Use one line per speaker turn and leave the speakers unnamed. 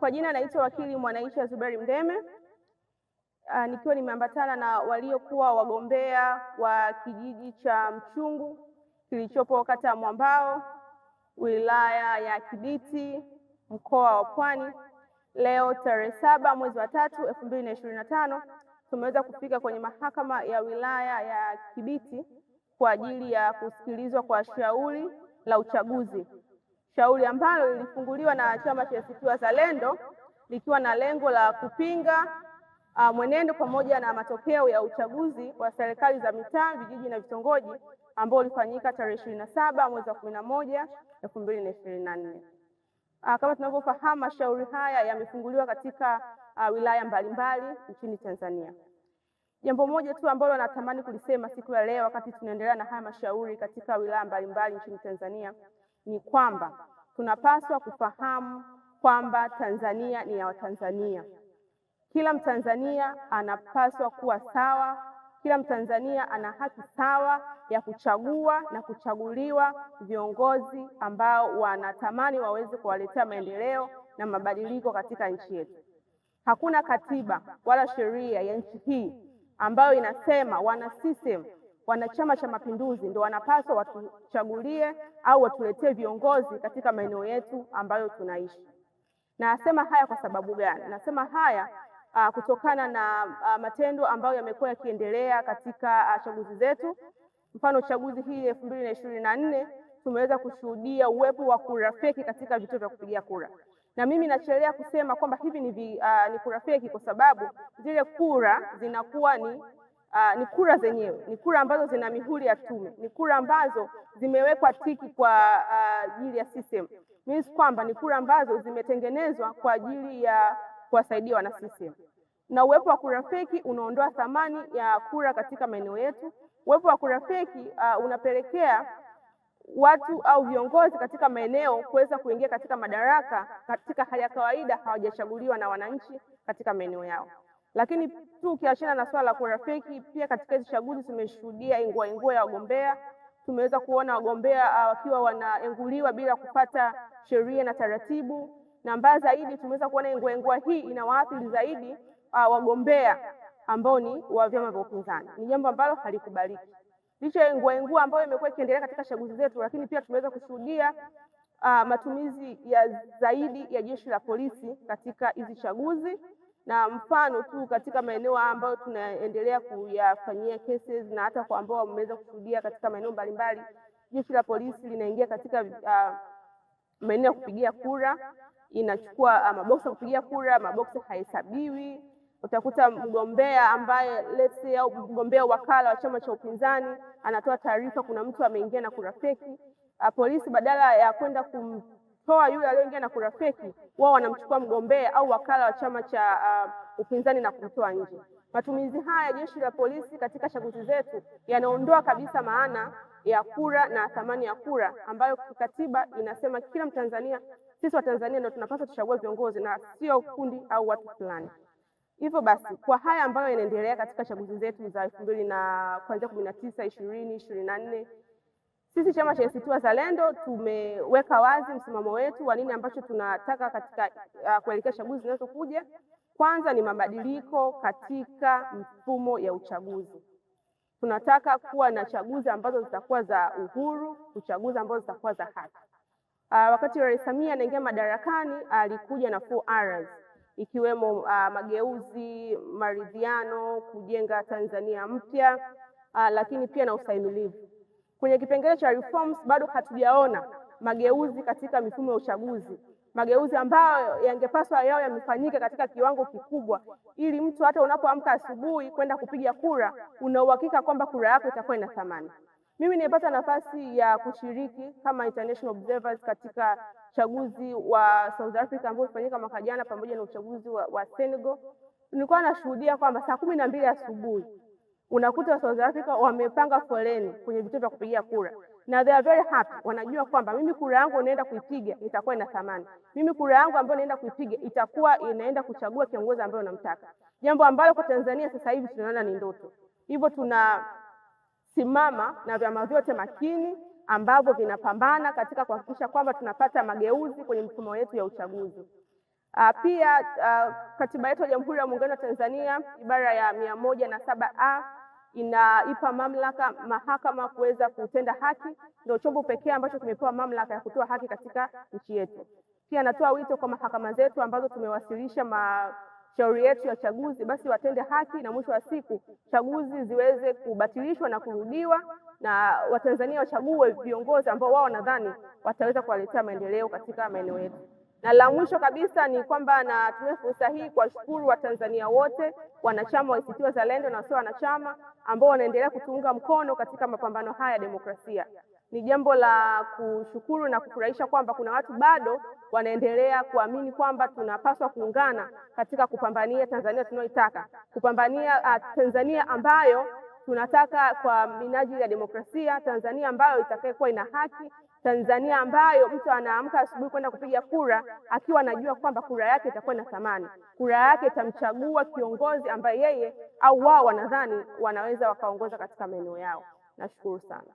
Kwa jina naitwa wakili Mwanaisha Zuberi mdeme uh, nikiwa nimeambatana na waliokuwa wagombea wa kijiji cha Mchungu kilichopo kata ya Mwambao wilaya ya Kibiti mkoa wa Pwani. Leo tarehe saba mwezi wa tatu elfu mbili na ishirini na tano tumeweza kufika kwenye mahakama ya wilaya ya Kibiti kwa ajili ya kusikilizwa kwa shauri la uchaguzi shauri ambalo lilifunguliwa na chama cha ACT Wazalendo likiwa na lengo la kupinga uh, mwenendo pamoja na matokeo ya uchaguzi wa serikali za mitaa, vijiji na vitongoji ambao ulifanyika tarehe ishirini na saba mwezi wa kumi na moja elfu mbili na ishirini na nne. Uh, kama tunavyofahamu mashauri haya yamefunguliwa katika uh, wilaya mbalimbali nchini Tanzania. Jambo moja tu ambalo natamani kulisema siku ya leo, wakati tunaendelea na haya mashauri katika wilaya mbalimbali nchini Tanzania ni kwamba tunapaswa kufahamu kwamba Tanzania ni ya Watanzania. Kila Mtanzania anapaswa kuwa sawa, kila Mtanzania ana haki sawa ya kuchagua na kuchaguliwa viongozi ambao wanatamani waweze kuwaletea maendeleo na mabadiliko katika nchi yetu. Hakuna katiba wala sheria ya nchi hii ambayo inasema wana system wanachama cha Mapinduzi ndo wanapaswa watuchagulie au watuletee viongozi katika maeneo yetu ambayo tunaishi. Nasema haya kwa sababu gani? Nasema haya uh, kutokana na uh, matendo ambayo yamekuwa yakiendelea katika uh, chaguzi zetu. Mfano, chaguzi hii elfu mbili na ishirini na nne tumeweza kushuhudia uwepo wa kura feki katika vituo vya kupigia kura, na mimi nachelea kusema kwamba hivi ni, vi, uh, ni kura feki kwa sababu zile kura zinakuwa ni Uh, ni kura zenyewe, ni kura ambazo zina mihuri ya tume, ni kura ambazo zimewekwa tiki kwa ah, ajili uh, ya system. means kwamba ni kura ambazo zimetengenezwa kwa ajili ya kuwasaidia wana system, na uwepo wa kura feki unaondoa thamani ya kura katika maeneo yetu. Uwepo wa kura feki uh, unapelekea watu au viongozi katika maeneo kuweza kuingia katika madaraka katika hali ya kawaida, hawajachaguliwa na wananchi katika maeneo yao. Lakini tu ukiachana na swala la kurafiki, pia katika hizi chaguzi tumeshuhudia ingua ingua ya wagombea. Tumeweza kuona wagombea ah, wakiwa wanaenguliwa bila kupata sheria na taratibu, na mbaya zaidi tumeweza kuona ingua ingua hii inawaathiri zaidi uh, wagombea ambao ni wa vyama vya upinzani. Ni jambo ambalo halikubaliki licha ya ingua ingua ambayo imekuwa ikiendelea katika chaguzi zetu, lakini pia tumeweza kushuhudia uh, matumizi ya zaidi ya jeshi la polisi katika hizi chaguzi na mfano tu katika maeneo ambayo tunaendelea kuyafanyia cases na hata kwa ambao wameweza kushuhudia katika maeneo mbalimbali, jeshi la polisi linaingia katika uh, maeneo ya kupigia kura, inachukua uh, maboksi ya kupigia kura, maboksi hahesabiwi. Utakuta mgombea ambaye let's say au mgombea wakala wa chama cha upinzani anatoa taarifa kuna mtu ameingia na kura feki. Uh, polisi badala ya kwenda kum toa yule aliyeingia na kurafiki, wao wanamchukua mgombea au wakala wa chama cha uh, upinzani na kumtoa nje. Matumizi haya ya jeshi la polisi katika chaguzi zetu yanaondoa kabisa maana ya kura na thamani ya kura ambayo kikatiba inasema kila Mtanzania, sisi Watanzania ndio tunapaswa tuchague viongozi na sio kundi au watu fulani. Hivyo basi kwa haya ambayo yanaendelea katika chaguzi zetu za elfu mbili na kuanzia kumi na tisa ishirini ishirini na nne sisi chama cha ACT Wazalendo tumeweka wazi msimamo wetu wa nini ambacho tunataka katika uh, kuelekea chaguzi zinazokuja. Kwanza ni mabadiliko katika mfumo ya uchaguzi. Tunataka kuwa na chaguzi ambazo zitakuwa za uhuru, uchaguzi ambazo zitakuwa za haki. Uh, wakati Rais Samia anaingia madarakani alikuja na four rs ikiwemo uh, mageuzi, maridhiano, kujenga Tanzania mpya uh, lakini pia na ustahimilivu Kwenye kipengele cha reforms bado hatujaona mageuzi katika mifumo ya uchaguzi, mageuzi ambayo yangepaswa yao yamefanyika katika kiwango kikubwa, ili mtu hata unapoamka asubuhi kwenda kupiga kura una uhakika kwamba kura yako itakuwa ina thamani. Mimi nimepata nafasi ya kushiriki kama international observers katika uchaguzi wa South Africa ambao ulifanyika mwaka jana pamoja na uchaguzi wa, wa Senegal. Nilikuwa nashuhudia kwamba saa kumi na mbili asubuhi unakuta wa South Africa wamepanga foleni kwenye vituo vya kupigia kura na they are very happy, wanajua kwamba mimi kura yangu inaenda kuipiga itakuwa ina thamani. Mimi kura yangu ambayo inaenda kuipiga itakuwa inaenda kuchagua kiongozi ambaye unamtaka, jambo ambalo kwa Tanzania sasa hivi tunaona ni ndoto. Hivyo tunasimama na vyama vyote makini ambavyo vinapambana katika kuhakikisha kwamba tunapata mageuzi kwenye mfumo wetu ya uchaguzi. A, ah, pia a, ah, katiba yetu ya Jamhuri ya Muungano wa Tanzania ibara ya mia moja na saba a inaipa mamlaka mahakama kuweza kutenda haki. Ndio chombo pekee ambacho kimepewa mamlaka ya kutoa haki katika nchi yetu. Pia natoa wito kwa mahakama zetu ambazo tumewasilisha mashauri yetu ya chaguzi, basi watende haki na mwisho wa siku chaguzi ziweze kubatilishwa na kurudiwa, na Watanzania wachague viongozi ambao wao wanadhani wataweza kuwaletea maendeleo katika maeneo yetu. Na la mwisho kabisa ni kwamba natumia fursa hii kuwashukuru Watanzania wote wanachama wa ACT Wazalendo na wasio wanachama ambao wanaendelea kutuunga mkono katika mapambano haya ya demokrasia. Ni jambo la kushukuru na kufurahisha kwamba kuna watu bado wanaendelea kuamini kwamba tunapaswa kuungana katika kupambania Tanzania tunayoitaka, kupambania uh, Tanzania ambayo tunataka kwa minajili ya demokrasia, Tanzania ambayo itakayokuwa ina haki Tanzania ambayo mtu anaamka asubuhi kwenda kupiga kura akiwa anajua kwamba kura yake itakuwa na thamani, kura yake itamchagua kiongozi ambaye yeye au wao wanadhani wanaweza wakaongoza katika maeneo yao. Nashukuru sana.